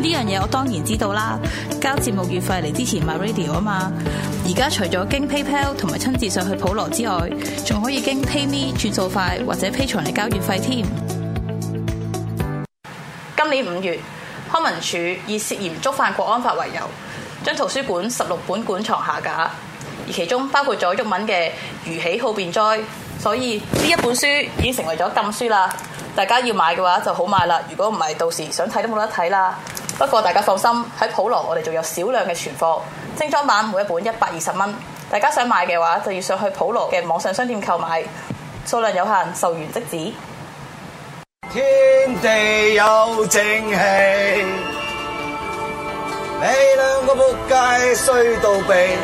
呢樣嘢我當然知道啦，交節目月費嚟支持 MyRadio 啊嘛。而家除咗經 PayPal 同埋親自上去普羅之外，仲可以經 PayMe 轉數快或者 Patreon 嚟交月費添。今年五月，康文署以涉嫌觸犯《國安法》為由，將圖書館十六本館藏下架，而其中包括咗鬱文嘅《如喜好便災》，所以呢一本書已經成為咗禁書啦。大家要買嘅話就好買啦，如果唔係到時想睇都冇得睇啦。不過大家放心，喺普羅我哋仲有少量嘅存貨，精裝版每一本一百二十蚊，大家想買嘅話就要上去普羅嘅網上商店購買，數量有限，售完即止。天地有正氣，你兩個仆街衰到病。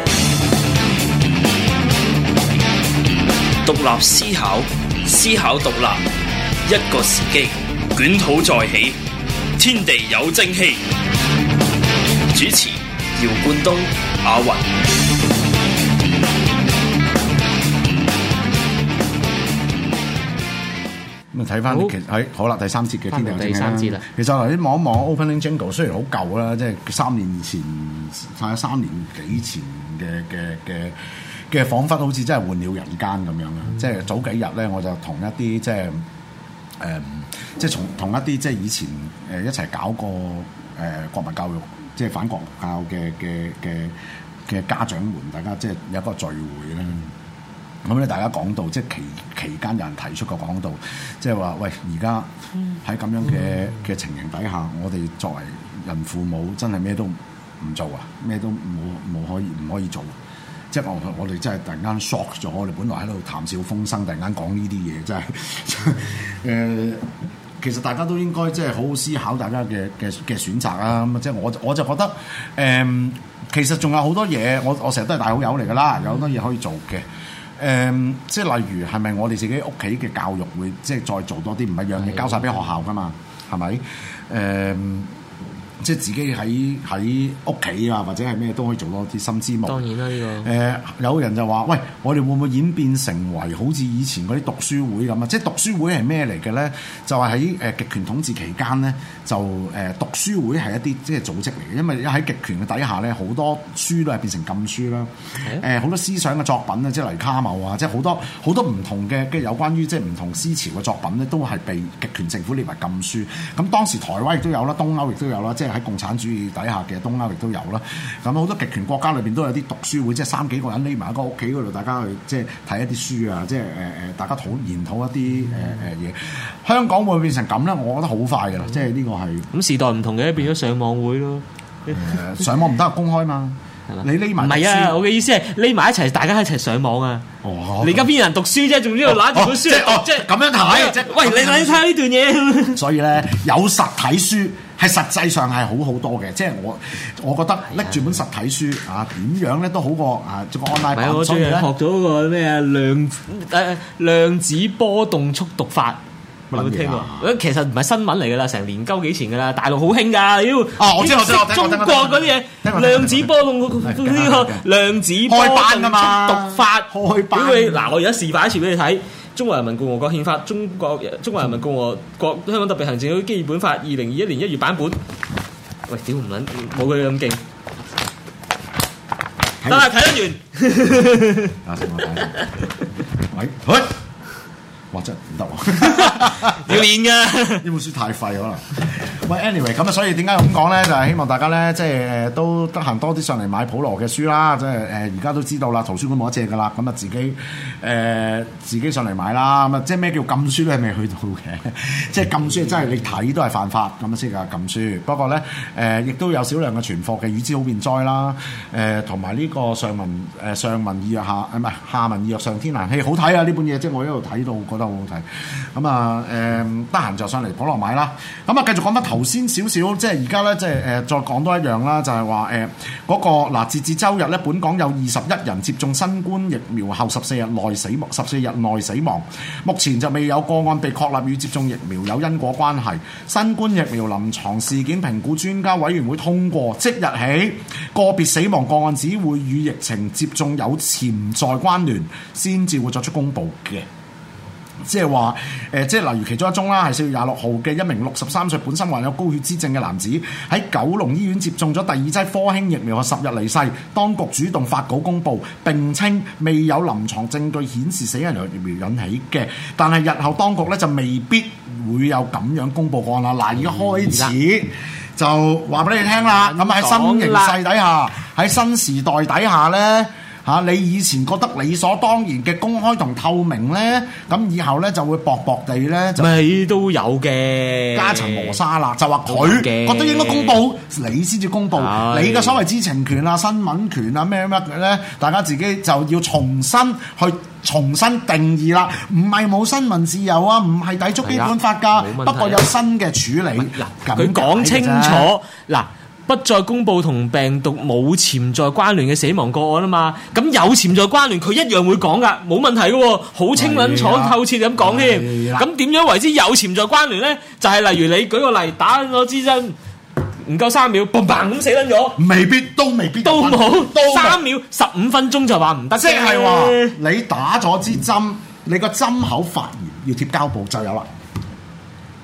獨立思考，思考獨立，一個時機，捲土再起。天地有正氣。主持：姚冠東、阿云。咁啊，睇翻啲其實好啦，哎，第三節嘅天地有正氣第三節啦。其實我頭先望一望 Opening Jingle 雖然好舊啦，即係三年前，睇下三年幾前嘅、嘅、嘅、嘅，彷彿好似真係換了人間咁樣嘅。嗯、即係早幾日咧，我就同一啲即係誒。嗯即係從同一啲即係以前誒、呃、一齊搞過誒、呃、國民教育，即係反國教嘅嘅嘅嘅家長們，大家即係有一個聚會啦。咁咧，大家講到即係期期間有人提出過講到，即係話喂，而家喺咁樣嘅嘅情形底下，嗯、我哋作為人父母，真係咩都唔做啊，咩都冇冇可以唔可以做？即係我我哋真係突然間 shock 咗，我哋本來喺度談笑風生，突然間講呢啲嘢，真係誒。 呃其實大家都應該即係好好思考大家嘅嘅嘅選擇啊！咁即係我我就覺得誒、呃，其實仲有好多嘢，我我成日都係大好友嚟㗎啦，有好多嘢可以做嘅誒、呃，即係例如係咪我哋自己屋企嘅教育會即係再做多啲，唔一樣嘢交晒俾學校㗎嘛？係咪誒？即係自己喺喺屋企啊，或者係咩都可以做多啲心思物。當然啦，呢個、呃、有人就話，喂，我哋會唔會演變成為好似以前嗰啲讀書會咁啊？即係讀書會係咩嚟嘅咧？就係喺誒極權統治期間咧，就誒、呃、讀書會係一啲即係組織嚟嘅，因為喺極權嘅底下咧，好多書都係變成禁書啦。誒好、欸呃、多思想嘅作品啊，即係例如卡某啊，即係好多好多唔同嘅，即係有關於即係唔同思潮嘅作品咧，都係被極權政府列為禁書。咁當時台灣亦都有啦，東歐亦都有啦，即係。喺共產主義底下嘅東歐亦都有啦，咁好多極權國家裏邊都有啲讀書會，即係三幾個人匿埋一個屋企嗰度，大家去即係睇一啲書啊，即係誒誒，大家討研討一啲誒誒嘢。香港會唔會變成咁咧？我覺得好快噶啦，嗯、即係呢個係咁時代唔同嘅，變咗上網會咯，嗯、 上網唔得係公開嘛。你匿埋唔係啊！我嘅意思係匿埋一齊，大家一齊上網啊！哦、你而家邊有人讀書啫？仲要攋住本書讀哦！即係咁、哦、樣睇嘅啫。喂，你睇下呢段嘢。所以咧，有實體書係實際上係好好多嘅。即係我我覺得拎住本實體書啊，點、啊、樣咧都好過啊做個 online 讀書、啊、學咗個咩量誒、啊、量子波動速讀法。我都聽過，其實唔係新聞嚟噶啦，成年鳩幾錢噶啦，大陸好興噶，妖哦，我中國嗰啲嘢，量子波動呢個量子波班噶嘛，屌你嗱，我而家示範一次俾你睇，《中華人民共和國憲法》，《中國中華人民共和國香港特別行政區基本法》二零二一年一月版本，喂，屌唔撚，冇佢咁勁，但係，睇得完，係係。哇！真唔得喎，要練㗎呢本書太廢可能。喂，anyway 咁啊，所以點解咁講咧？就係、是、希望大家咧，即係都得閒多啲上嚟買普羅嘅書啦。即係誒，而家都知道啦，圖書館冇得借㗎啦，咁啊自己誒、呃、自己上嚟買啦。咁啊，即係咩叫禁書咧？係未去到嘅，即係禁書真係你睇都係犯法咁先叫禁書。不過咧誒，亦、呃、都有少量嘅存貨嘅，與之好變災啦。誒同埋呢個上文誒、呃、上文易約下誒唔係下文易約上天難。嘿，好睇啊！呢本嘢即係我一路睇到咁啊，誒，得閒、嗯嗯呃、就上嚟普羅買啦。咁啊，繼續講返頭先少少，即係而家咧，即係誒，再講多一樣啦，就係話誒嗰個嗱，截至，至周日咧，本港有二十一人接種新冠疫苗後十四日內死亡，十四日內死亡。目前就未有個案被確立與接種疫苗有因果關係。新冠疫苗臨床事件評估專家委員會通過，即日起個別死亡個案只會與疫情接種有潛在關聯，先至會作出公佈嘅。即係話誒，即係例如其中一宗啦，係四月廿六號嘅一名六十三歲，本身患有高血脂症嘅男子，喺九龍醫院接種咗第二劑科興疫苗後十日離世。當局主動發稿公佈，並稱未有臨床證據顯示死因由疫苗引起嘅，但係日後當局咧就未必會有咁樣公佈案啦。嗱的，而家開始就話俾你聽啦，咁喺的新形勢底下，喺新時代底下呢。嚇！你以前覺得理所當然嘅公開同透明呢，咁以後呢就會薄薄地呢，你都有嘅。家塵磨砂啦，就話佢覺得應該公佈，你先至公佈，的你嘅所謂知情權啊、新聞權啊咩咩嘅呢，大家自己就要重新去重新定義啦。唔係冇新聞自由啊，唔係抵觸基本法噶，不過有新嘅處理，佢講這樣 清楚嗱。喊不再公布同病毒冇潛在關聯嘅死亡個案啦嘛，咁有潛在關聯佢一樣會講噶，冇問題嘅，好清冷楚、啊、透徹咁講添。咁點、啊、樣為之有潛在關聯呢？就係、是、例如你舉個例，打咗支針，唔夠三秒，但 砰砰咁死甩咗，未必都未必都冇。三秒十五分鐘就話唔得，即係你打咗支針，你個針口發炎要貼膠布就有啦。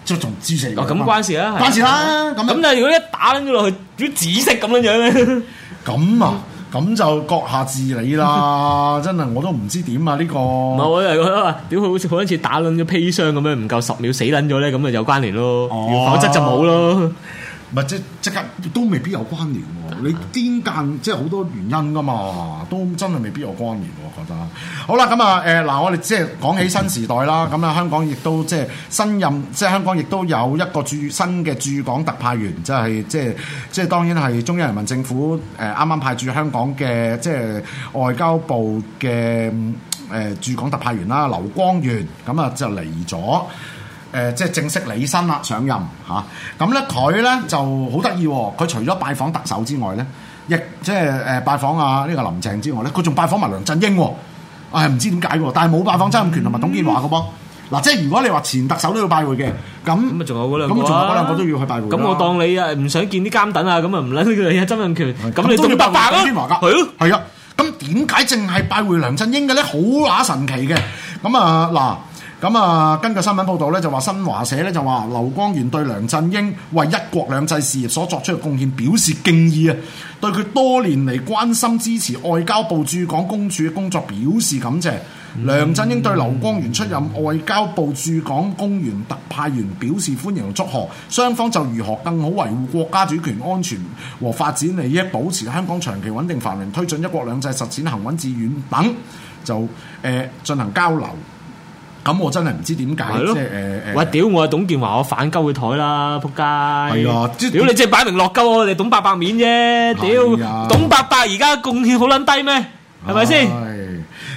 即仲支咁關事啊？關事、啊啊啊、啦，咁就如果一打撚咗落去，啲紫色咁樣樣咧，咁啊，咁就閣下自理啦。真係我都唔知點啊呢個。唔係，我係覺得屌佢好似好似打撚咗砒霜咁樣，唔夠十秒死撚咗咧，咁啊有關聯咯。否則就冇咯、啊。唔係即，即刻都未必有關聯喎、啊，的你天間即係好多原因噶嘛，都真係未必有關聯、啊、我覺得。好啦，咁啊誒嗱，我哋即係講起新時代啦，咁啊的香港亦都即係新任即係香港亦都有一個駐新嘅駐港特派員，就係、即係即係即係當然係中央人民政府誒啱啱派駐香港嘅即係外交部嘅誒駐港特派員啦，劉光源咁啊就嚟咗。誒即係正式離身啦，上任嚇咁咧，佢、呃、咧就好得意喎！佢除咗拜訪特首之外咧，亦即係誒拜訪啊呢個林鄭之外咧，佢仲拜訪埋梁振英喎！我、啊、唔知點解，但係冇拜訪曾蔭權同埋董建華嘅噃嗱！即係如果你話前特首都要拜會嘅，咁咁啊，仲有嗰兩個，咁仲有嗰兩個都要去拜會。咁我當你啊唔想見啲奸臣啊，咁啊唔理佢啊曾蔭權，咁你都要拜啊董建華噶？係啊，係咁點解淨係拜會梁振英嘅咧？好乸神奇嘅，咁啊嗱。咁啊，根據新聞報道咧，就話新華社咧就話，劉光源對梁振英為一國兩制事業所作出嘅貢獻表示敬意啊，對佢多年嚟關心支持外交部駐港公署嘅工作表示感謝。梁振英對劉光源出任外交部駐港公署特派員表示歡迎同祝賀。雙方就如何更好維護國家主權安全和發展利益，保持香港長期穩定繁榮，推進一國兩制實踐行穩致遠等，就誒、呃、進行交流。咁我真係唔知點解，的即係誒誒，屌我啊董建華，我反鳩佢台啦，仆街！係啊的，屌即你即係擺明落鳩我哋董伯伯面啫，屌的的董伯伯而家貢獻好撚低咩？係咪先？吧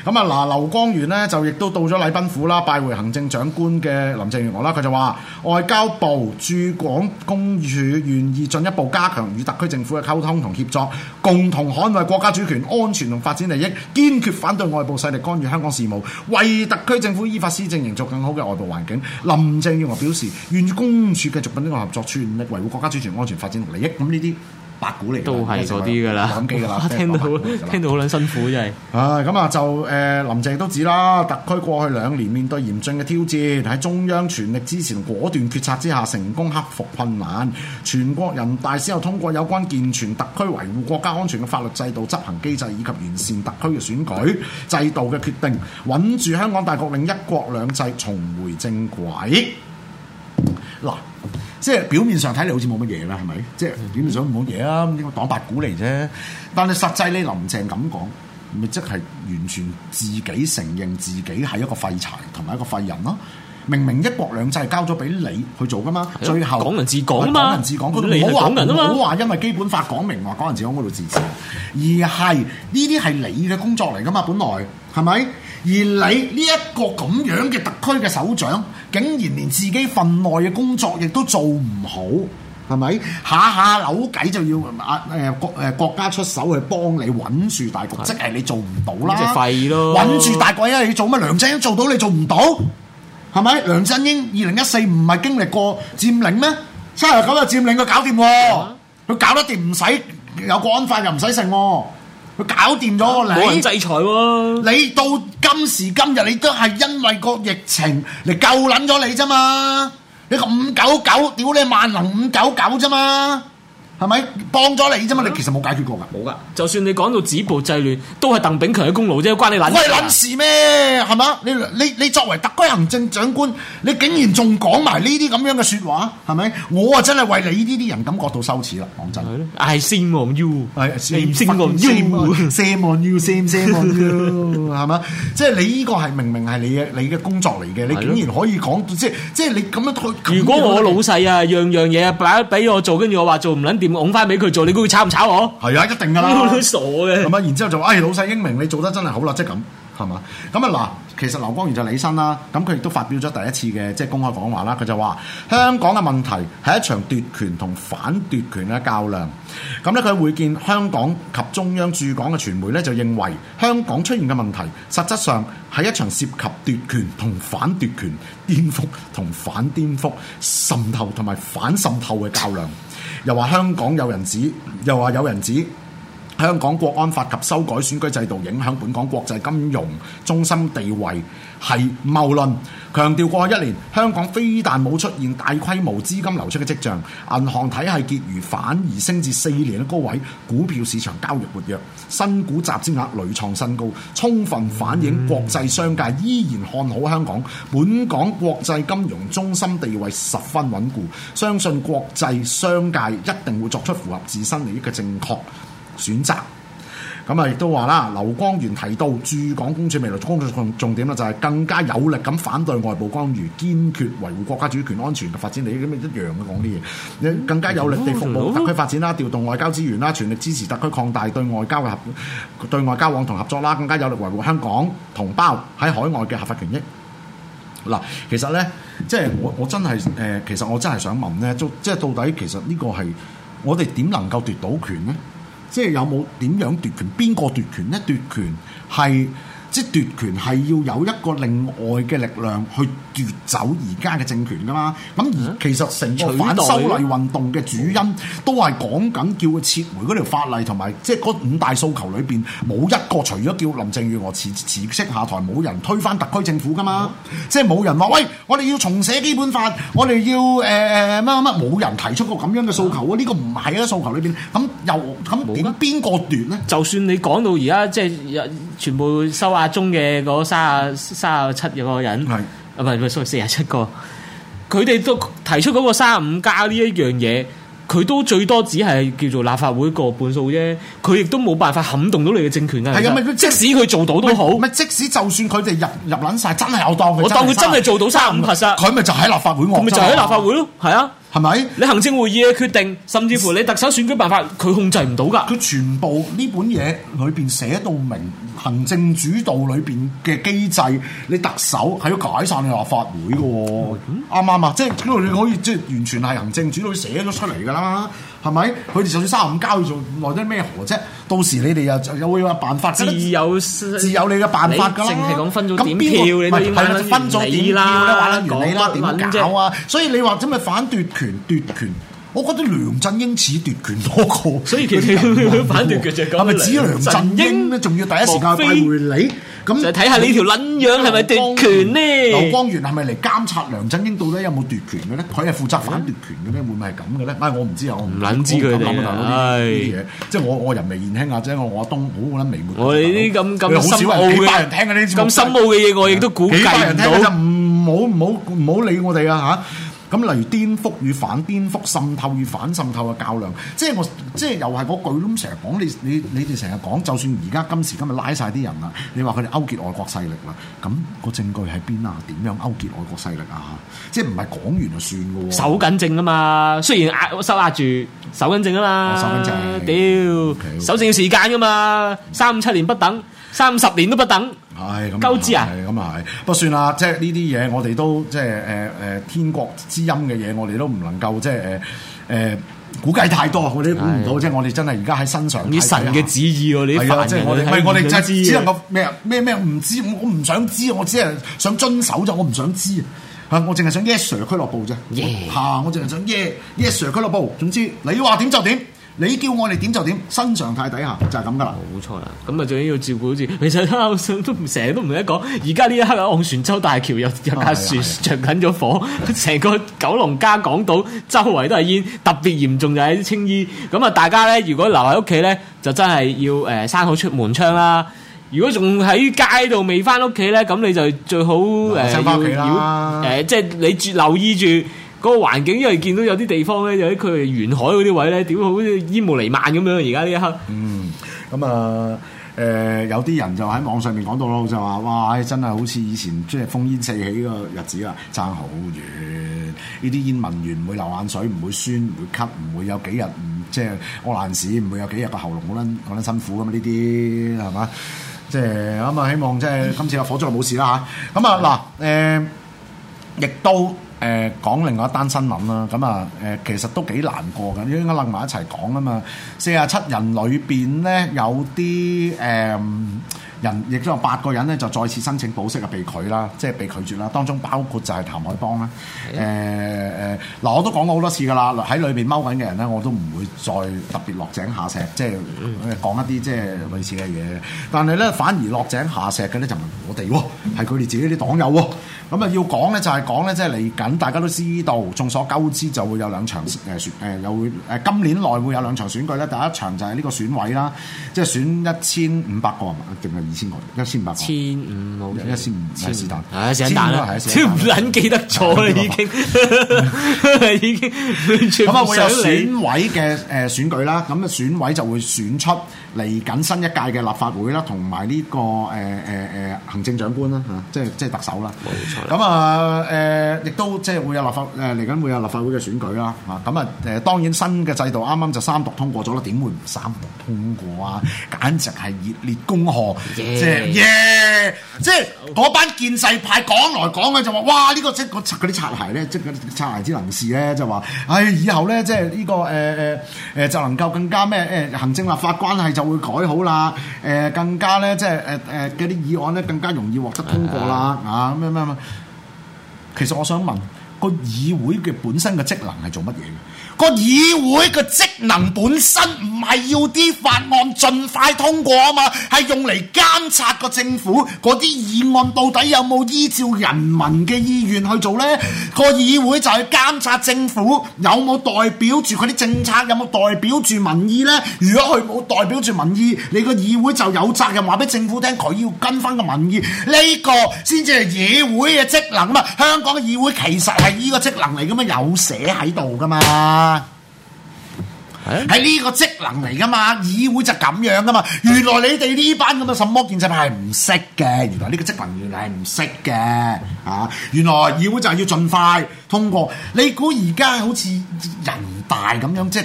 咁啊，嗱，劉光源咧就亦都到咗禮賓府啦，拜會行政長官嘅林鄭月娥啦。佢就話外交部駐港公署願意進一步加強與特區政府嘅溝通同協作，共同捍衞國家主權、安全同發展利益，堅決反對外部勢力干預香港事務，為特區政府依法施政營造更好嘅外部環境。林鄭月娥表示，願公署繼續跟呢個合作，全力維護國家主權、安全、發展同利益。咁呢啲。白股嚟，都係嗰啲噶啦，講機噶啦，哇聽到好辛苦真係、啊。唉，咁啊就誒、呃、林鄭都指啦，特區過去兩年面對嚴峻嘅挑戰，喺中央全力支持同果斷決策之下，成功克服困難。全國人大先後通過有關健全特區維護國家安全嘅法律制度、執行機制，以及完善特區嘅選舉制度嘅決定，穩住香港大局，令一國兩制，重回正軌。嗱，即係表面上睇嚟好似冇乜嘢啦，係咪？即係表面上冇嘢啊，當八股嚟啫。但係實際你林鄭咁講，咪即係完全自己承認自己係一個廢柴同埋一個廢人咯。明明一國兩制係交咗俾你去做噶嘛，最後港人治港嘛，港人治港，佢唔好話因為基本法講明話港人治港嗰度自治。而係呢啲係你嘅工作嚟噶嘛，本來係咪？是而你呢一、這個咁樣嘅特區嘅首長，竟然連自己份內嘅工作亦都做唔好，係咪下下扭計就要啊誒、呃、國誒、呃、國家出手去幫你穩住大局，的即係你做唔到啦！即係廢咯，穩住大局啊！你做咩？梁振英做到你做唔到？係咪梁振英二零一四唔係經歷過佔領咩？七十九日佔領佢搞掂喎，佢搞得掂唔使有國安法又唔使成喎。啊搞掂咗你，冇人制裁喎、啊。你到今時今日，你都係因為個疫情嚟救撚咗你啫嘛？你個五九九屌你萬能五九九啫嘛？係咪幫咗你啫嘛？你其實冇解決過噶，冇噶。就算你講到止暴制亂，都係鄧炳強嘅功勞啫，關你撚事咩？係嘛？你你你作為特區行政長官，你竟然仲講埋呢啲咁樣嘅說話，係咪？我啊真係為你呢啲人感覺到羞恥啦！講真，係咯。係 shame on you，係 shame on you，shame on you，shame on you，係嘛？即係你呢個係明明係你嘅你嘅工作嚟嘅，你竟然可以講即係即係你咁樣。如果我老細啊樣樣嘢擺俾我做，跟住我話做唔捻掂。拱翻俾佢做，你估佢炒唔炒我？係啊，一定噶啦， 傻嘅的。咁啊，然之後就話：誒、哎、老細英明，你做得真係好啦，即係咁，係嘛？咁啊嗱，其實劉光源就履新啦，咁佢亦都發表咗第一次嘅即係公開講話啦。佢就話：香港嘅問題係一場奪權同反奪權嘅較量。咁咧，佢會見香港及中央駐港嘅傳媒咧，就認為香港出現嘅問題，實質上係一場涉及奪權同反奪權、顛覆同反顛覆、滲透同埋反滲透嘅較量。又話香港有人指，又話有人指香港國安法及修改選舉制度影響本港國際金融中心地位。係謬論，強調過去一年，香港非但冇出現大規模資金流出嘅跡象，銀行體系結餘反而升至四年嘅高位，股票市場交易活躍，新股集資額屢創新高，充分反映國際商界、嗯、依然看好香港。本港國際金融中心地位十分穩固，相信國際商界一定會作出符合自身利益嘅正確選擇。咁啊，亦都話啦，劉光源提到駐港公署未來工作重重點啦，就係更加有力咁反對外部干預，堅決維護國家主權安全嘅發展你咁一樣嘅講啲嘢，更加有力地服務特區發展啦，調動外交資源啦，全力支持特區擴大對外交嘅合對外交往同合作啦，更加有力維護香港同胞喺海外嘅合法權益。嗱，其實咧，即係我我真係誒，其實我真係想問咧，即係到底其實呢個係我哋點能夠奪到權咧？即係有冇點樣奪權？邊個奪權咧？奪權係。即奪權係要有一個另外嘅力量去奪走而家嘅政權㗎嘛？咁而其實成個反修例運動嘅主因都係講緊叫佢撤回嗰條法例，同埋即係嗰五大訴求裏邊冇一個除咗叫林鄭月娥辭辭職下台，冇人推翻特區政府㗎嘛？沒即係冇人話喂，我哋要重寫基本法，嗯、我哋要誒誒乜乜，冇、呃、人提出過咁樣嘅訴求、嗯、啊！呢個唔係啊訴求裏邊咁又咁點邊個奪咧？就算你講到而家即係全部收中嘅嗰三十三十七個人，係啊唔係 sorry 四十七個，佢 哋都提出嗰個三十五加呢一樣嘢，佢都最多只係叫做立法會個半數啫，佢亦都冇辦法撼動到你嘅政權噶。係啊的，即使佢做到都好，咪即使就算佢哋入入捻晒，真係有當，我當佢真係做到三十五拍殺，佢咪就喺立法會，咪就喺立法會咯，係啊。係咪？是是你行政會議嘅決定，甚至乎你特首選舉辦法，佢控制唔到噶。佢全部呢本嘢裏邊寫到明，行政主導裏邊嘅機制，你特首係要解散你立法會噶，啱唔啱啊？即係因為你可以即係、就是、完全係行政主導寫咗出嚟噶啦。係咪？佢哋就算三十五交，佢奈你哋咩何啫？到時你哋又又會有辦法。自有自有你嘅辦法㗎啦。你淨係講分咗點票，誰你點講？係咪分咗點票咧？玩完你啦，點搞啊？說什麼所以你話咁咪反奪權，奪權。我覺得梁振英似奪權多過，所以佢佢去反奪權，係咪指梁振英咧？仲要第一時間去拜會你？咁就睇下你條撚樣係咪奪權咧？劉光源係咪嚟監察梁振英到底有冇奪權嘅咧？佢係負責反奪權嘅咧？會唔係咁嘅咧？唔係我唔知啊，我唔捻知佢。唉，即係我我人未年輕啊，即係我我阿東好啦，未末。我哋啲咁咁少人聽咁深奧嘅嘢，咁深奧嘅嘢，我亦都估計唔到。唔好唔好唔好理我哋啊吓！咁例如顛覆與反顛覆、滲透與反滲透嘅較量，即係我即係又係嗰句咁成日講你你你哋成日講，就算而家今時今日拉晒啲人啦，你話佢哋勾結外國勢力啦，咁、個證據喺邊啊？點樣勾結外國勢力啊？即係唔係講完就算嘅喎？守緊證啊嘛，雖然壓收壓住，守緊證啊嘛、哦，守緊證，屌守證要時間噶嘛，三五七年不等，三十年都不等。係咁知啊，係咁啊，係不算啦。即係呢啲嘢，我哋都即係誒誒天國之音嘅嘢，我哋都唔能夠即係，誒、呃、誒估計太多，我哋都估唔到。即係唉我哋真係而家喺身上啲神嘅旨意你呢啲即係，我哋唔、啊、我哋真係，我只能夠咩啊咩咩唔知，知，我唔想知，我只係想遵守就，我唔想知吓，我淨係想 Yes Sir 俱樂部啫，吓，Yeah. 我淨係想 Ye、yeah, Yes Sir 俱樂部。總之，Yeah. yes, 總之你話點就點。你叫我哋點就點，新常態底下就係咁噶啦。冇錯啦，咁啊最緊要照顧住。其實我都我成日都唔同你講，而家呢一刻喺昂船洲大橋有有架船着緊咗火，成 個九龍加港島周圍都係煙，特別嚴重就係啲青衣。咁啊，大家咧如果留喺屋企咧，就真係要誒閂、呃、好出門窗啦。如果仲喺街度未翻屋企咧，咁你就最好誒、 呃、要誒即係你留意住。個環境，因為見到有啲地方咧，有啲佢係沿海嗰啲位咧，點好似煙霧瀰漫咁樣。而家呢一刻，嗯，咁啊，誒、呃、有啲人就喺網上面講到咯，就話哇，真係好似以前即係烽煙四起個日子啊，爭好遠。呢啲煙聞完唔會流眼水，唔會酸，唔會咳，唔會有幾日唔即係屙爛屎，唔會有幾日個喉嚨講得，得辛苦咁嘛。呢啲係嘛？即係咁啊！希望即係今次個火災冇事啦吓，咁啊嗱，誒亦都。是的 誒、呃、講另外一單新聞啦，咁啊誒、呃、其實都幾難過嘅，應該撚埋一齊講啊嘛。四十七人裏邊咧有啲誒。呃人亦都有八個人咧，就再次申請保釋啊，被拒啦，即係被拒絕啦。當中包括就係譚凱邦啦。誒、呃、誒，嗱我都講過好多次㗎啦，喺裏邊踎緊嘅人咧，我都唔會再特別落井下石，即係講一啲即係類似嘅嘢。但係咧，反而落井下石嘅咧就唔係我哋喎，係佢哋自己啲黨友喎。咁、呃、啊要講咧就係講咧，即係嚟緊大家都知道，眾所周知就會有兩場誒選誒有誒、呃、今年內會有兩場選舉咧。第一場就係呢個選委啦，即係選一千五百個，定二千外，一千五百。千五六，一千五，是但，係一成蛋啦，都唔撚記得咗啦，已經，已經完全。咁啊，會有選委嘅誒選舉啦，咁啊選委就會選出嚟緊新一屆嘅立法會啦，同埋呢個誒誒誒行政長官啦，嚇，即係即係特首啦。冇錯。咁啊誒，亦都即係會有立法誒嚟緊會有立法會嘅選舉啦，嚇。咁啊誒，當然新嘅制度啱啱就三讀通過咗啦，點會唔三讀通過啊？簡直係熱烈恭賀！即係，即係嗰班建制派講來講嘅就話，哇！呢、這個即係嗰啲擦鞋咧，即係擦鞋之能事咧，就話，唉，以後咧即係呢、這個誒誒誒，就能夠更加咩誒、呃、行政立法關係就會改好啦，誒、呃、更加咧即係誒誒嗰啲議案咧更加容易獲得通過啦，uh huh. 啊咁樣咁樣。其實我想問、這個議會嘅本身嘅職能係做乜嘢？個議會個職能本身唔係要啲法案盡快通過啊嘛，係用嚟監察個政府嗰啲議案到底有冇依照人民嘅意願去做呢？呢個議會就係監察政府有冇代表住佢啲政策，有冇代表住民意呢？如果佢冇代表住民意，你個議會就有責任話俾政府聽佢要跟翻個民意，呢個先至係議會嘅職能啊嘛！香港嘅議會其實係呢個職能嚟噶嘛，有寫喺度噶嘛。係呢個職能嚟噶嘛？議會就咁樣噶嘛？原來你哋呢班咁嘅什麼建制派係唔識嘅，原來呢個職能原嚟係唔識嘅啊！原來議會就係要盡快通過。你估而家好似人大咁樣，即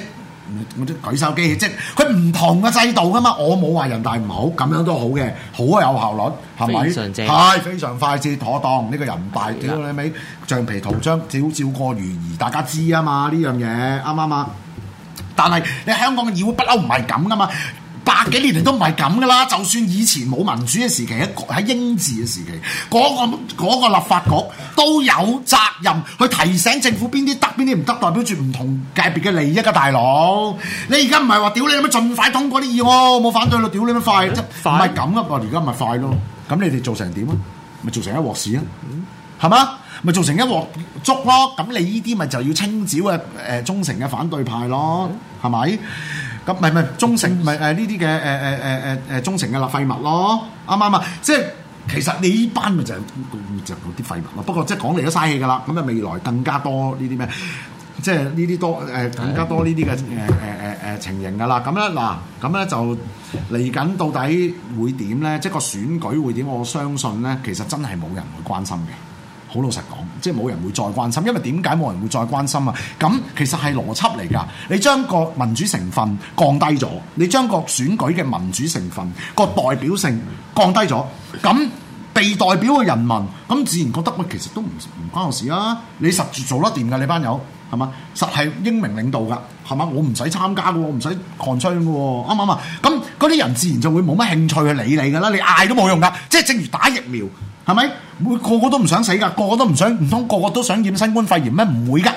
我舉手機器，即佢唔同嘅制度噶嘛，我冇話人大唔好，咁樣都好嘅，好有效率，係咪？非係非常快捷妥當呢、呢個人大，屌的你咪橡皮圖章，照照過如兒，大家知啊嘛呢樣嘢，啱唔啱啊？但係你香港嘅議會不嬲唔係咁噶嘛。百幾年嚟都唔係咁噶啦，就算以前冇民主嘅時期，喺英治嘅時期，嗰個嗰個立法局都有責任去提醒政府邊啲得，邊啲唔得，代表住唔同界別嘅利益噶、啊、大佬。你而家唔係話屌你乜，盡快通過啲嘢喎，冇反對咯，屌你乜的即快，唔係咁噶噃，而家咪快咯。咁你哋做成點啊？咪做成一鑊屎啊？係嘛？咪做成一鑊粥咯？咁你呢啲咪就要清朝嘅誒、呃、忠誠嘅反對派咯？係咪？咁咪咪，忠誠，咪，成呢啲嘅誒誒誒誒誒忠誠嘅廢物咯，啱唔啱啊？即係其實你依班咪就係凈到啲廢物咯。就是就是、物不過即係講嚟都嘥氣㗎啦。咁啊未來更加多呢啲咩？即係呢啲多誒更加多呢啲嘅誒誒誒誒情形㗎啦。咁咧嗱，咁咧就嚟緊到底會點咧？即係個選舉會點？我相信咧，其實真係冇人會關心嘅。好老實講，即係冇人會再關心，因為點解冇人會再關心啊？咁其實係邏輯嚟噶你將個民主成分降低咗，你將個選舉嘅民主成分個代表性降低咗，咁被代表嘅人民咁自然覺得我其實都唔唔關我事啦，啊。你實住做得掂噶，你班友係嘛？實係英明領導噶，係嘛？我唔使參加嘅，我唔使抗爭嘅，啱唔啱啊？咁嗰啲人自然就會冇乜興趣去理你噶啦，你嗌都冇用噶，即係正如打疫苗。係咪？每個個都唔想死㗎，個個都唔想，想，唔通個個都想染新冠肺炎咩？唔會㗎，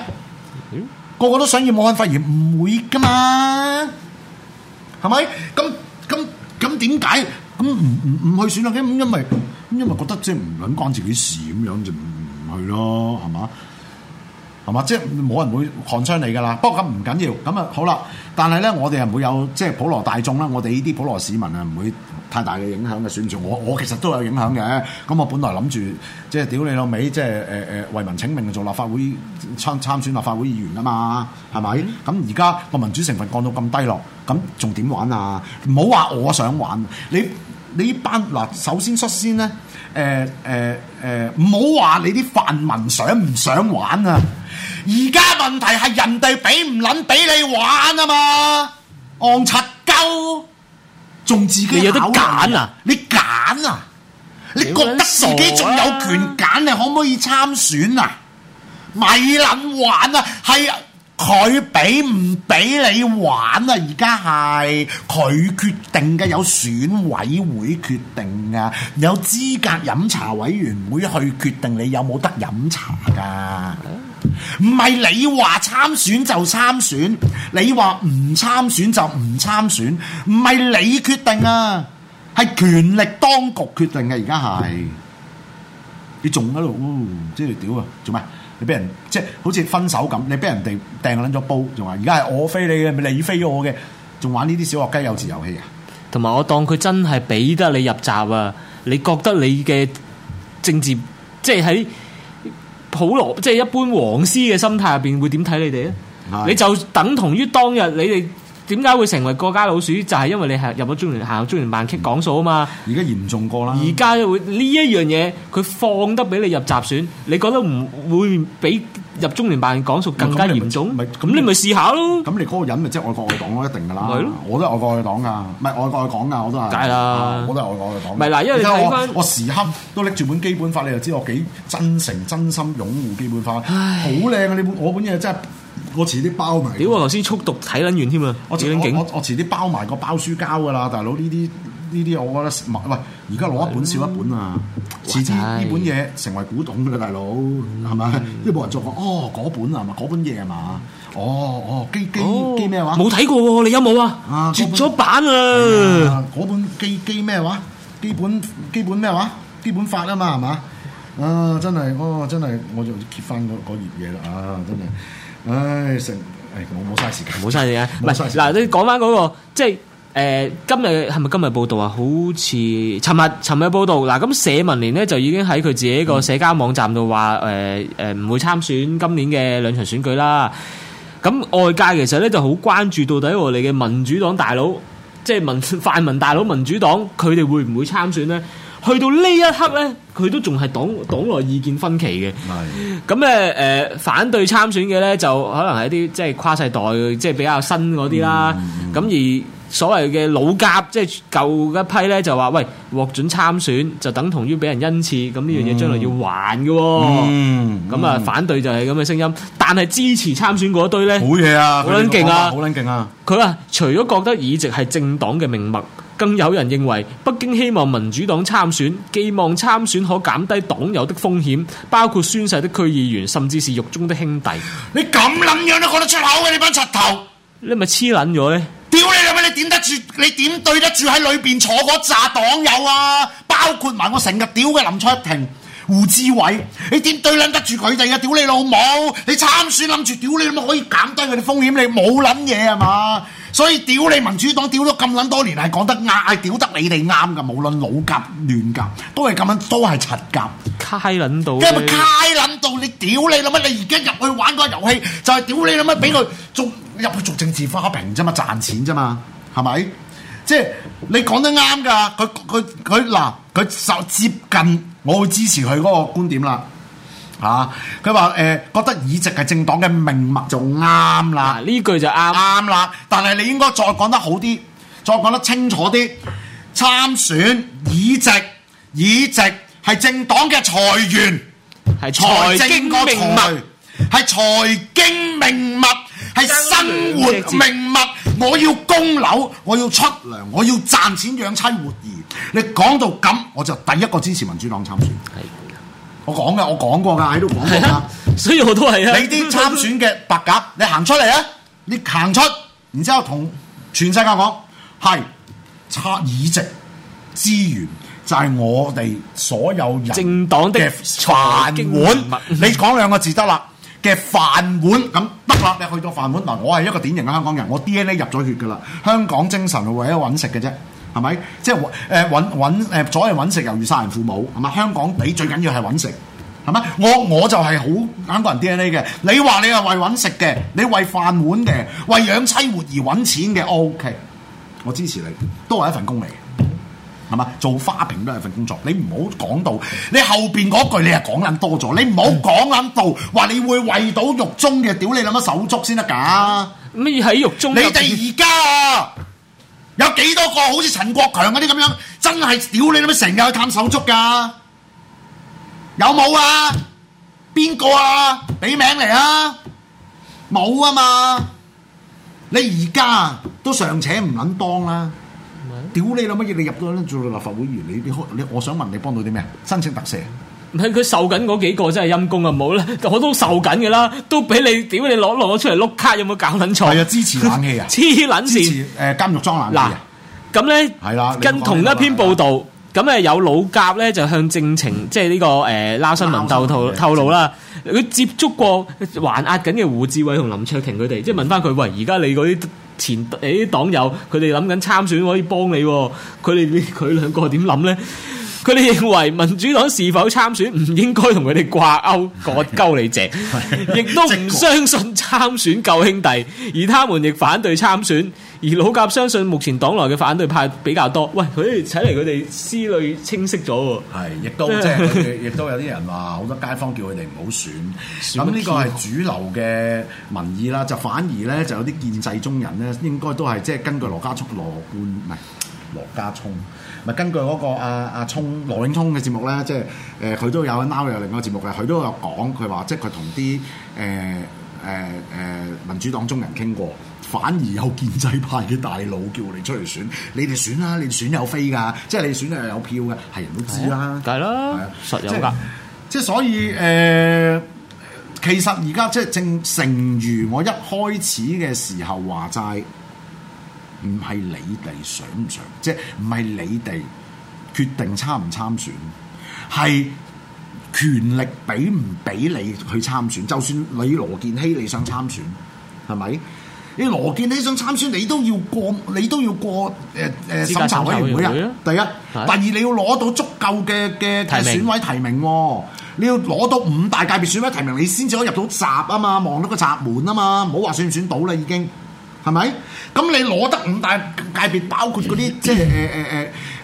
嗯、個個都想染武漢肺炎，唔會㗎嘛？係咪？咁咁咁點解咁唔唔去選啊？咁因為因為覺得即係唔撚關自己事咁樣就唔去咯，係嘛？係嘛？即係冇人會 hurt 你㗎啦。不過咁唔緊要，咁啊好啦。但係咧，我哋係唔會有即係普羅大眾啦。我哋呢啲普羅市民啊，唔會。太大嘅影響嘅選舉，我我其實都有影響嘅。咁我本來諗住即係屌你老味，即係誒誒為民請命，做立法會參參選立法會議員啊嘛，係咪？咁而家個民主成分降到咁低落，咁仲點玩啊？唔好話我想玩，你你班嗱，首先率先咧，誒誒誒，唔好話你啲泛民想唔想玩啊？而家問題係人哋俾唔撚俾你玩啊嘛，戇柒鳩！仲自己你有得揀啊？你揀啊？你覺得自己仲有權揀你可唔可以參選啊？咪捻玩啊？係佢俾唔俾你玩啊？而家係佢決定嘅，有選委會決定啊，有資格飲茶委員會去決定你有冇得飲茶噶。唔係你話參選就參選，你話唔參選就唔參選，唔係你決定啊，係權力當局決定嘅，而家係你仲喺度，即係屌啊，做咩？你俾人即係好似分手咁，你俾人哋掟我捻咗煲，仲話而家係我飛你嘅，咪你飛咗我嘅，仲玩呢啲小學雞幼稚遊戲啊？同埋我當佢真係俾得你入閘啊，你覺得你嘅政治即係喺？普羅即係、就是、一般黃絲嘅心態入邊會點睇你哋咧？是的 你就等同於當日你哋點解會成為過街老鼠，就係、是、因為你係入咗中聯辦、中聯萬傾講數啊嘛！而家嚴重過啦！而家會呢一樣嘢，佢放得俾你入集選，你覺得唔會俾？入中聯辦講述更加嚴重，唔係咁你咪試下咯。咁你嗰個人咪即係愛國愛黨咯，一定噶啦。係咯的，我都係愛國愛黨噶，唔係愛國愛港噶，我都係。梗係啦，我都係愛國愛黨。咪嗱，因為你睇返，我我時刻都拎住本基本法，你就知我幾真誠、真心擁護基本法。好靚啊！呢本我本嘢真係，我遲啲包埋。屌，我頭先速讀睇撚完添啊！我我我我遲啲包埋個包書膠噶啦，大佬呢啲。呢啲我覺得喂，而家攞一本少、嗯、一本啊！遲啲呢本嘢成為古董㗎啦，大佬係咪？因為冇、嗯、人做過哦，嗰本係咪？嗰本嘢係嘛？哦哦，基基基咩話？冇睇過喎、啊，你有冇啊？啊絕咗版啊！嗰、啊、本基基咩話？基本基本咩話？基本法啊嘛係嘛？啊真係哦真係、哦，我就揭翻嗰嗰頁嘢啦啊真係，唉成唉我冇嘥時間，冇嘥時間，唔係嗱你講翻嗰個即係。就是誒、呃，今日係咪今日報道啊？好似尋日尋日報道，嗱，咁社民連呢，就已經喺佢自己個社交網站度話，誒誒、嗯呃，唔、呃、會參選今年嘅兩場選舉啦。咁外界其實咧就好關注到底我哋嘅民主黨大佬，即係民泛民大佬，民主黨佢哋會唔會參選呢？去到呢一刻咧，佢都仲係黨黨內意見分歧嘅。係咁誒誒，反對參選嘅咧，就可能係一啲即係跨世代，即係比較新嗰啲啦。咁、嗯嗯、而所謂嘅老鴿，即係舊一批咧，就話喂，獲准參選就等同於俾人恩賜，咁呢、嗯、樣嘢將來要還嘅、哦嗯。嗯，咁啊，反對就係咁嘅聲音。但係支持參選嗰堆咧，好嘢啊！好撚勁啊！好撚勁啊！佢話除咗覺得議席係政黨嘅命脈。更有人認為，北京希望民主黨參選，寄望參選可減低黨友的風險，包括宣誓的區議員，甚至是獄中的兄弟。你咁諗樣都講得出口嘅，你班柒頭，你咪黐捻咗咧？屌你老味，你點得住？你點對得住喺裏邊坐嗰紮黨友啊？包括埋我成日屌嘅林卓廷、胡志偉，你點對捻得住佢哋啊？屌你老母！你參選諗住屌你老味可以減低佢哋風險？你冇捻嘢啊嘛？所以屌你民主黨，屌咗咁撚多年係講得啱，係屌得你哋啱㗎，無論老甲亂甲都係咁樣，都係柒甲。揩撚到，即係咪揩撚到？你屌你諗乜？你而家入去玩個遊戲就係、是、屌你諗乜？俾佢做入去做政治花瓶啫嘛，賺錢啫嘛，係咪？即、就、係、是、你講得啱㗎，佢佢佢嗱，佢就接近，我會支持佢嗰個觀點啦。嚇！佢話誒覺得議席係政黨嘅命脈就啱啦，呢、啊、句就啱啱啦。但係你應該再講得好啲，再講得清楚啲。參選議席，議席係政黨嘅財源，係財政命脈，係財經命脈，係生活命脈。我要供樓，我要出糧，我要賺錢養妻活兒。你講到咁，我就第一個支持民主黨參選。我講嘅，我講過㗎，喺度講過㗎， 所以我都係啊！你啲參選嘅白鴿，你行出嚟啊！你行出，然之後同全世界講，係測議席資源就係我哋所有人政黨嘅 飯碗。你講兩個字得啦，嘅飯碗咁得啦。你去到飯碗嗱，我係一個典型嘅香港人，我 DNA 入咗血㗎啦，香港精神為咗揾食嘅啫。係咪？即係誒揾揾誒左係揾食，猶如殺人父母係嘛？香港你最緊要係揾食係嘛？我我就係好香港人 DNA 嘅。你話你係為揾食嘅，你為飯碗嘅，為養妻活兒揾錢嘅，OK，我支持你，都係一份工嚟。係嘛？做花瓶都係一份工作。你唔好講到你後邊嗰句你了了，你又講撚多咗。你唔好講撚到話你會為到獄中嘅，屌你諗乜手足先得㗎？咩喺獄，獄中？你哋而家啊！有幾多個好似陳國強嗰啲咁樣，真係屌你老母成日去探手足噶？有冇啊？邊個啊？俾名嚟啊？冇啊嘛！你而家都尚且唔捻當啦、啊，屌你老母嘢！你入到咧做立法會議員，你啲你我想問你幫到啲咩？申請特赦？佢受緊嗰幾個真係陰公啊！冇啦，我都受緊嘅啦，都俾你屌，你攞攞出嚟碌卡有冇搞撚錯？啊，支持冷氣啊！黐撚線！誒監獄裝冷氣嗱、啊，咁咧係啦，跟同一篇報導，咁誒、嗯、有老鴿咧就向政情，即係呢、呢個誒、呃、拉新聞生透透透露啦，佢、嗯、接觸過還押緊嘅胡志偉同林卓廷佢哋，嗯、即係問翻佢：喂，而家你嗰啲前誒黨友，佢哋諗緊參選可以幫你，佢哋佢兩個點諗咧？佢哋認為民主黨是否參選唔應該同佢哋掛鈎，割鳩你謝，亦都唔相信參選救兄弟，而他們亦反對參選。而老鴿相信目前黨內嘅反對派比較多。喂，佢睇嚟佢哋思慮清晰咗喎。亦都 即係亦都有啲人話，好多街坊叫佢哋唔好選。咁呢 什麼 個係主流嘅民意啦，就反而呢，就有啲建制中人呢，應該都係即係根據羅家聰、羅冠唔係羅家聰。根據嗰個阿、啊、阿、啊、聰羅永聰嘅節目咧，即係誒佢都有，now 有另外節目嘅，佢都有講，佢話即係佢同啲誒誒誒民主黨中人傾過，反而有建制派嘅大佬叫你出嚟選，你哋選啦、啊，你選有飛㗎，即係你選又有票嘅，係人都知、啊、啦，係咯、啊，實有㗎，即係是的 所以誒、呃，其實而家即係正誠如我一開始嘅時候話齋。唔係你哋想唔想，即係唔係你哋決定參唔參選，係權力俾唔俾你去參選。就算你羅健熙你想參選，係咪？你羅健熙想參選，你都要過，你都要過誒誒、呃、審查委員會啊！第一，第二，你要攞到足夠嘅嘅選委提、哦、提名，你要攞到五大界別選委提名，你先至可以入到閘啊嘛，望到個閘門啊嘛，唔好話選唔選到啦已經。係咪？咁你攞得五大界別，包括嗰啲即係誒誒誒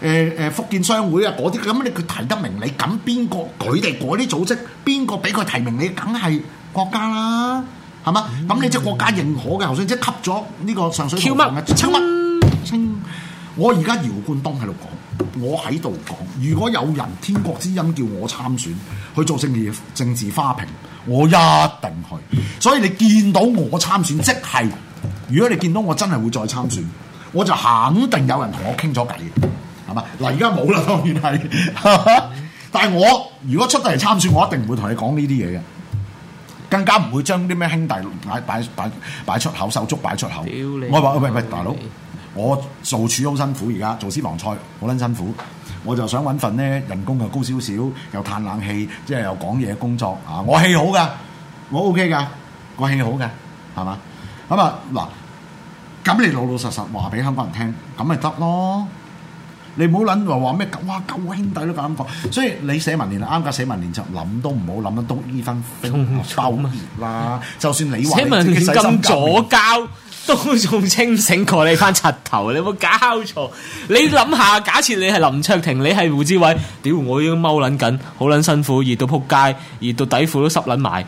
誒誒福建商會啊嗰啲咁，你佢提得明你咁邊個佢哋嗰啲組織邊個俾佢提名你，梗係國家啦，係嘛？咁你即係國家認可嘅候選，即係吸咗呢個上水。跳乜喬？乜？清！我而家姚冠東喺度講，我喺度講，如果有人天國之音叫我參選，去做政治政治花瓶，我一定去。所以你見到我參選，即係。如果你見到我真係會再參選，我就肯定有人同我傾咗偈，係嘛？嗱，而家冇啦，當然係。 但係我如果出得嚟參選，我一定唔會同你講呢啲嘢嘅，更加唔會將啲咩兄弟擺擺擺擺出口手足擺出口。手足出口理我話喂，喂大佬，我做廚好辛苦，而家做私房菜好撚辛苦，我就想揾份咧人工高又高少少又嘆冷氣，即係又講嘢工作啊！我氣好噶，我 OK 噶，我氣、OK、好噶，係嘛？咁啊嗱，咁、嗯、你老老實實話俾香港人聽，咁咪得咯？你唔好諗話話咩九啊九兄弟都咁講，所以你寫文連啱架寫文連就諗都唔好諗到呢分爆乜啦。冰冰冰就算你話你咁左膠都仲清醒過你番柒頭， 你有冇搞錯？你諗下，假設你係林卓廷，你係胡志偉，屌我依家踎撚緊，好撚辛苦，熱到仆街，熱到底褲都濕撚埋。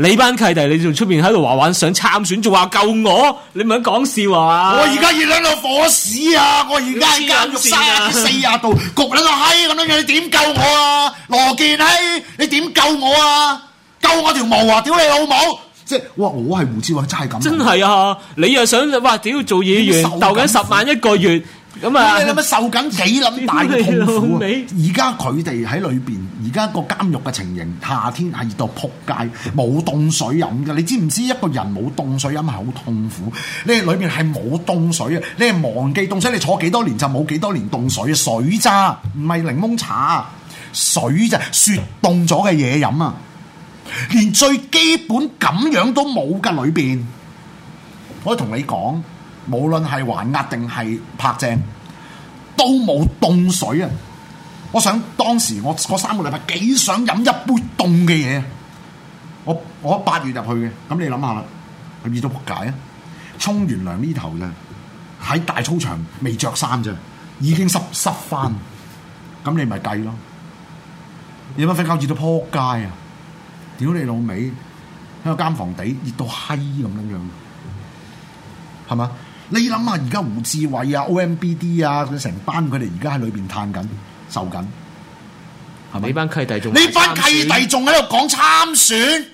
你班契弟，你仲出面喺度玩玩，想參選仲話救我？你唔係講笑啊！我而家要熱到火屎啊！我而家喺間浴室啊，四啊度焗喺度閪咁樣嘢，你點救我啊？羅健熙、哎，你點救我啊？救我條毛啊！屌你老母！即係，哇！我係胡志偉，真係咁。真係啊！你又想哇？屌做嘢議員，鬥緊十萬一個月咁啊！你係咪受緊幾撚大嘅痛苦？你！而家佢哋喺裏邊。而家個監獄嘅情形，夏天係熱到撲街，冇凍水飲嘅。你知唔知一個人冇凍水飲係好痛苦？你係裏面係冇凍水啊！你係忘記凍水，你坐幾多年就冇幾多年凍水啊！水咋？唔係檸檬茶，水咋？雪凍咗嘅嘢飲啊！連最基本咁樣都冇嘅裏邊，我同你講，無論係還押定係拍正，都冇凍水啊！我想當時我三個禮拜幾想飲一杯凍嘅嘢，我我八月入去嘅，咁你諗下啦，熱到撲街啊！沖完涼呢頭嘅喺大操場未着衫啫，已經濕濕翻，咁你咪計咯！夜晚瞓覺熱到撲街啊！屌你老味，喺個監房地熱到閪咁樣樣，係嘛？你諗下而家胡志偉啊、OMBD 啊，佢成班佢哋而家喺裏邊嘆緊。就緊，係咪、啊？呢班契弟仲，呢班契弟仲喺度講參選，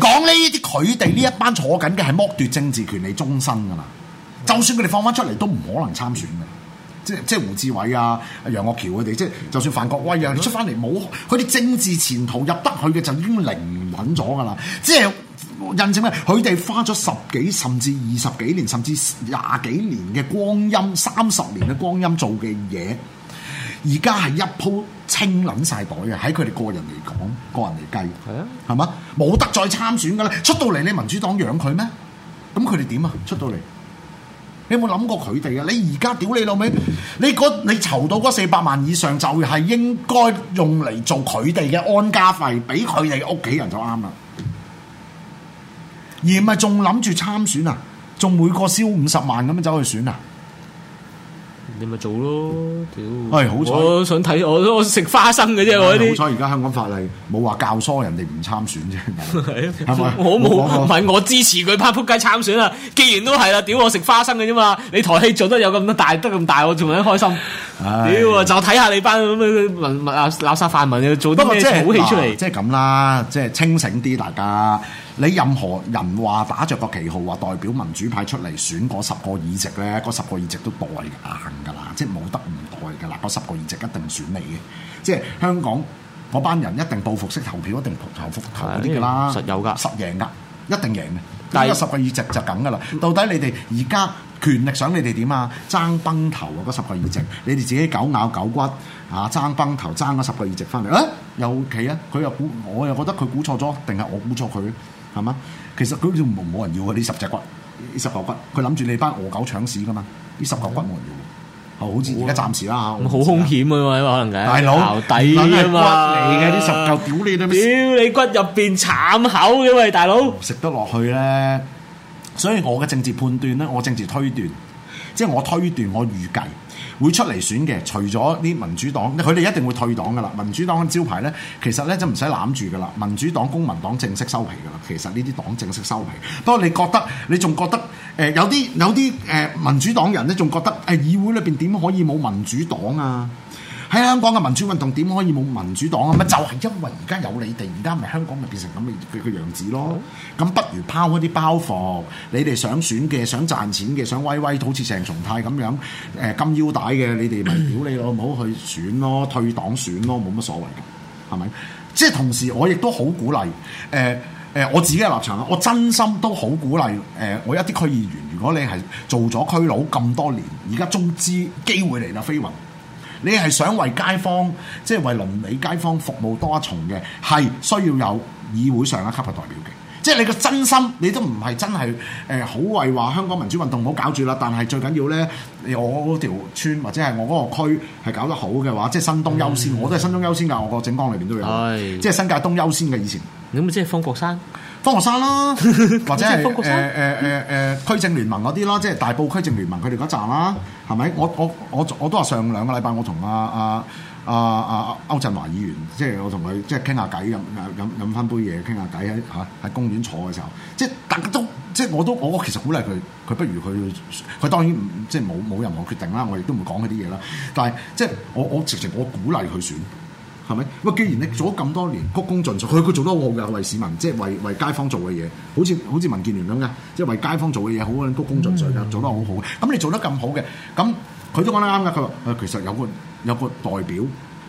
講呢啲佢哋呢一班坐緊嘅係剝奪政治權利終身噶啦。 就算佢哋放翻出嚟，都唔可能參選嘅。即係即係胡志偉啊、楊岳橋佢哋，即係就算范國威啊 出翻嚟，冇佢啲政治前途入得去嘅，就已經零揾咗噶啦。即係印證咩？佢哋花咗十幾甚至二十幾年，甚至廿幾年嘅光陰，三十年嘅光陰做嘅嘢。而家係一鋪清撚晒袋嘅，喺佢哋個人嚟講，個人嚟計，係啊，係 嘛樂，冇得再參選嘅啦。出到嚟，你民主黨養佢咩？咁佢哋點啊？出到嚟，你有冇諗過佢哋啊？你而家屌你老味，你你籌到嗰四百萬以上，就係應該用嚟做佢哋嘅安家費，俾佢哋屋企人就啱啦。而唔係仲諗住參選啊？仲每個燒五十萬咁樣走去選啊？你咪做咯，屌、哎！喂，好彩，我想睇我都我食花生嘅啫，我啲好彩而家香港法例冇話教唆人哋唔參選啫， 係嘛？我冇，唔係我支持佢班撲街參選啊！既然都係啦，屌我食花生嘅啫嘛，你台戲做得有咁多大，得咁大，我仲想開心？屌，就睇下你班垃圾泛民你做啲咩好戲出嚟？即係咁啦，即係清醒啲，大家。 大家你任何人話打着個旗號話代表民主派出嚟選嗰十個議席咧，嗰十個議席都代硬㗎啦，即係冇得唔代㗎啦。嗰十個議席一定選你嘅，即係香港嗰班人一定報復式投票，一定報復投啲㗎啦。實、嗯、有㗎，實贏㗎，一定贏嘅。但係是嗰十個議席就咁㗎啦。到底你哋而家權力想你哋點啊？爭崩頭啊！嗰十個議席，你哋自己狗咬狗骨嚇爭、啊、崩頭，爭嗰十個議席翻嚟，誒有棋啊？佢又估、啊，我又覺得佢估錯咗，定係我估錯佢？係嘛？其實嗰啲冇冇人要嘅，呢十隻骨，呢十嚿骨，佢諗住你班餓狗搶屎㗎嘛？呢十嚿骨冇人要，好似而家暫時啦嚇，好兇、啊、險嘅、啊、喎，可能嘅，大佬抵骨嚟嘅，呢十嚿屌你都，屌你骨入邊慘口嘅喂，大佬食得落去咧，所以我嘅政治判斷咧，我政治推斷。即係我推斷，我預計會出嚟選嘅，除咗啲民主黨，佢哋一定會退黨噶啦。民主黨嘅招牌呢，其實呢就唔使攬住噶啦。民主黨、公民黨正式收皮噶啦。其實呢啲黨正式收皮。不過你覺得，你仲覺得誒、呃、有啲有啲誒、呃、民主黨人呢，仲覺得誒、呃、議會裏邊點可以冇民主黨啊？喺香港嘅民主運動點可以冇民主黨啊？乜就係、是、因為而家有你哋，而家咪香港咪變成咁嘅嘅個樣子咯？咁不如拋開啲包袱，你哋想選嘅、想賺錢嘅、想威威，好似成松泰咁樣誒金、呃、腰帶嘅，你哋咪屌你老母去選咯，退黨選咯，冇乜所謂嘅，係咪？即係同時，我亦都好鼓勵誒誒、呃呃，我自己嘅立場啊，我真心都好鼓勵誒、呃，我一啲區議員，如果你係做咗區佬咁多年，而家中資機會嚟啦，飛雲。你係想為街坊，即係為鄰里街坊服務多一重嘅，係需要有議會上一級嘅代表嘅。即係你個真心，你都唔係真係誒好為話香港民主運動唔好搞住啦。但係最緊要呢，我嗰條村或者係我嗰個區係搞得好嘅話，即係新東優先，嗯、我都係新東優先嘅。嗯、我個政綱裏邊都有，哎、即係新界東優先嘅以前。你咪即係方國珊？方國珊啦，或者係誒誒誒誒區政聯盟嗰啲啦，即係大埔區政聯盟佢哋嗰站啦，係咪？我我我我都話上兩個禮拜，啊，我同阿阿阿阿歐振華議員，即係我同佢即係傾下偈，飲飲飲翻杯嘢，傾下偈喺嚇喺公園坐嘅時候，即係大家都即係我都我其實鼓勵佢，佢不如佢，佢當然唔即係冇冇任何決定啦，我亦都唔會講佢啲嘢啦，但係即係我我直情我，我，我鼓勵佢選。係咪？喂，既然你做咗咁多年鞠躬盡瘁，佢、哎、佢做得好好嘅，為市民即係為為街坊做嘅嘢，好似好似民建聯咁嘅，即係為街坊做嘅嘢，好鞠躬盡瘁，又做得好好嘅。咁你做得咁好嘅，咁佢都講得啱㗎。佢話、哎、其實有個有個代表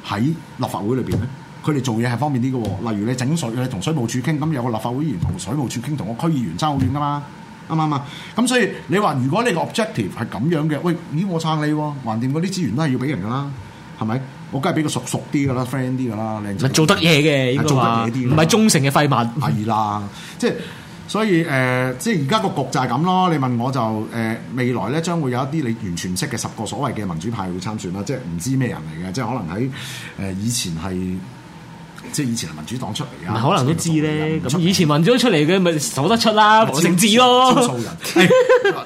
喺立法會裏邊咧，佢哋做嘢係方便啲嘅。例如你整水，你同水務處傾，咁有個立法會議員同水務處傾，同個區議員差好遠㗎嘛，啱唔啱啊？咁所以你話如果你個 objective 係咁樣嘅，喂、哎，咦、哎，我撐你喎、哦，橫掂嗰啲資源都係要俾人㗎啦，係咪？我梗係俾個熟熟啲噶啦，friend 啲噶啦，靚唔係做得嘢嘅，唔係做得嘢啲，唔係忠誠嘅廢物。係啦， 即係所以誒、呃，即係而家個局就係咁咯。你問我就誒、呃，未來咧將會有一啲你完全唔識嘅十個所謂嘅民主派會參選啦，即係唔知咩人嚟嘅，即係可能喺誒、呃、以前係。即係以前係民主黨出嚟啊！可能都知咧，咁以前民主出嚟嘅咪數得出啦，黃成智咯，數人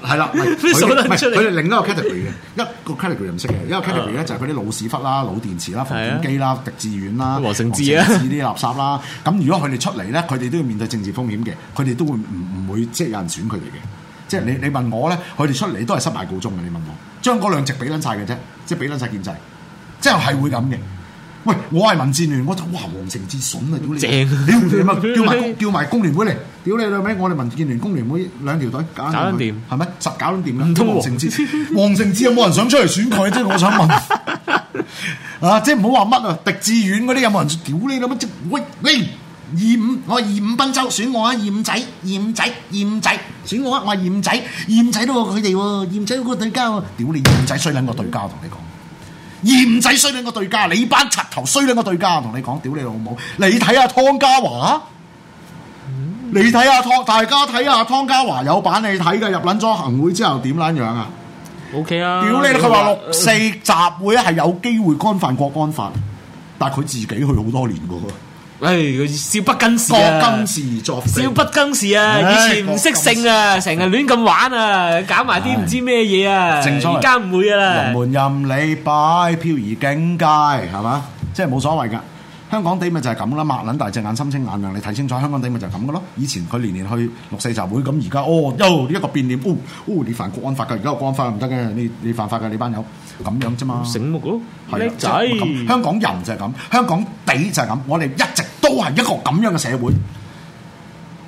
係啦，佢哋另一個 category 嘅一個 category 唔識嘅，一個 category 咧就係佢啲老屎忽啦、老電池啦、廢紙機啦、狄志遠啦、黃成智啊啲垃圾啦。咁如果佢哋出嚟咧，佢哋都要面對政治風險嘅，佢哋都會唔唔會即係有人選佢哋嘅。即係你你問我咧，佢哋出嚟都係失敗告終嘅。你問我，將嗰兩隻俾撚晒嘅啫，即係俾撚晒建制，即係係會咁嘅。喂，我係民建聯，我就哇黃成志筍啊！屌你，叫埋叫埋工聯會嚟，屌你老味！我哋民建聯工聯會兩條隊搞掂，係咪？實搞掂啊！黃成志，黃成志有冇人想出嚟選佢啫？我想問啊，即係唔好話乜啊，狄志遠嗰啲有冇人屌你老味？即係喂喂，二五我係二五賓州選我啊，二五仔二五仔二五仔選我啊，我係二五仔二五仔都過佢哋喎，二五仔嗰個對家，屌你二五仔衰撚個對家，我同你講。而唔使衰你個對家，你班柒頭衰你個對家，同你講，屌你老母！你睇下、啊、湯家驊，嗯、你睇下湯，大家睇下、啊、湯家驊有版你睇嘅入撚咗行會之後點撚樣啊？OK 啊！屌你啦！佢話你六四集會係有機會干犯國干犯，但係佢自己去好多年喎。唉，少不更事啊！少不更事啊！以前唔識性啊，成日亂咁玩啊，搞埋啲唔知咩嘢啊！而家唔會噶啦。龍門任你拜，飄移境界，係嘛？即係冇所謂噶。香港地咪就係咁啦，擘撚大隻眼，心清眼亮，你睇清楚，香港地咪就係咁噶咯。以前佢年年去六四集會，咁而家哦，又一個變臉，哦哦，你犯國安法噶，而家個國安法唔得嘅，你你犯法噶，你班友。咁樣啫嘛，醒目咯，叻仔的明！香港人就係咁，香港地就係咁，我哋一直都係一個咁樣嘅社會。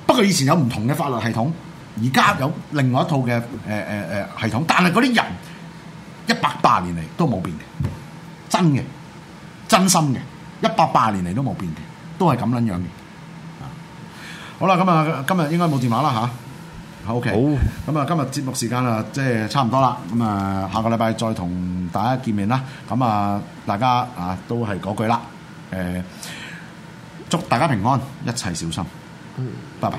不過以前有唔同嘅法律系統，而家有另外一套嘅誒誒誒系統，但係嗰啲人一百八十年嚟都冇變嘅，真嘅，真心嘅，一百八十年嚟都冇變嘅，都係咁樣樣嘅。好啦，咁啊，今日應該冇電話啦吓。Okay，好，咁啊，今日節目時間啊，即係差唔多啦。咁啊，下個禮拜再同大家見面啦。咁啊，大家啊，都係嗰句啦。誒，祝大家平安，一切小心。嗯，拜拜。